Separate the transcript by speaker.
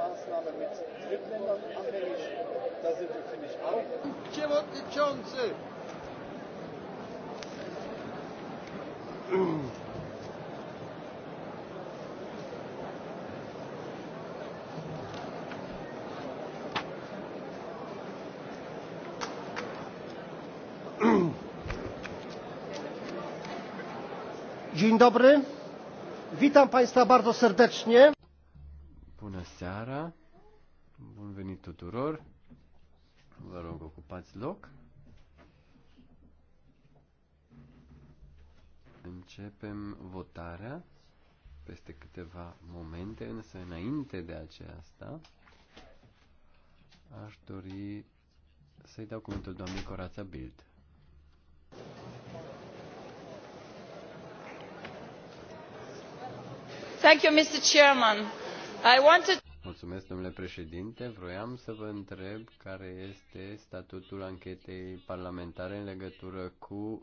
Speaker 1: Maßnahme mit Drittländern abhängig. Da sind wir, finde ich, auch. Dzień dobry. Witam Państwa bardzo serdecznie.
Speaker 2: Bună seara! Bun venit tuturor! Vă rog, ocupați loc. Începem votarea peste câteva momente, însă înainte de aceasta aș dori să-i dau cuvântul doamnei Corața Bild.
Speaker 3: Thank you, Mr. Chairman.
Speaker 2: Mulțumesc, domnule președinte. Vroiam să vă întreb care este statutul anchetei parlamentare în legătură cu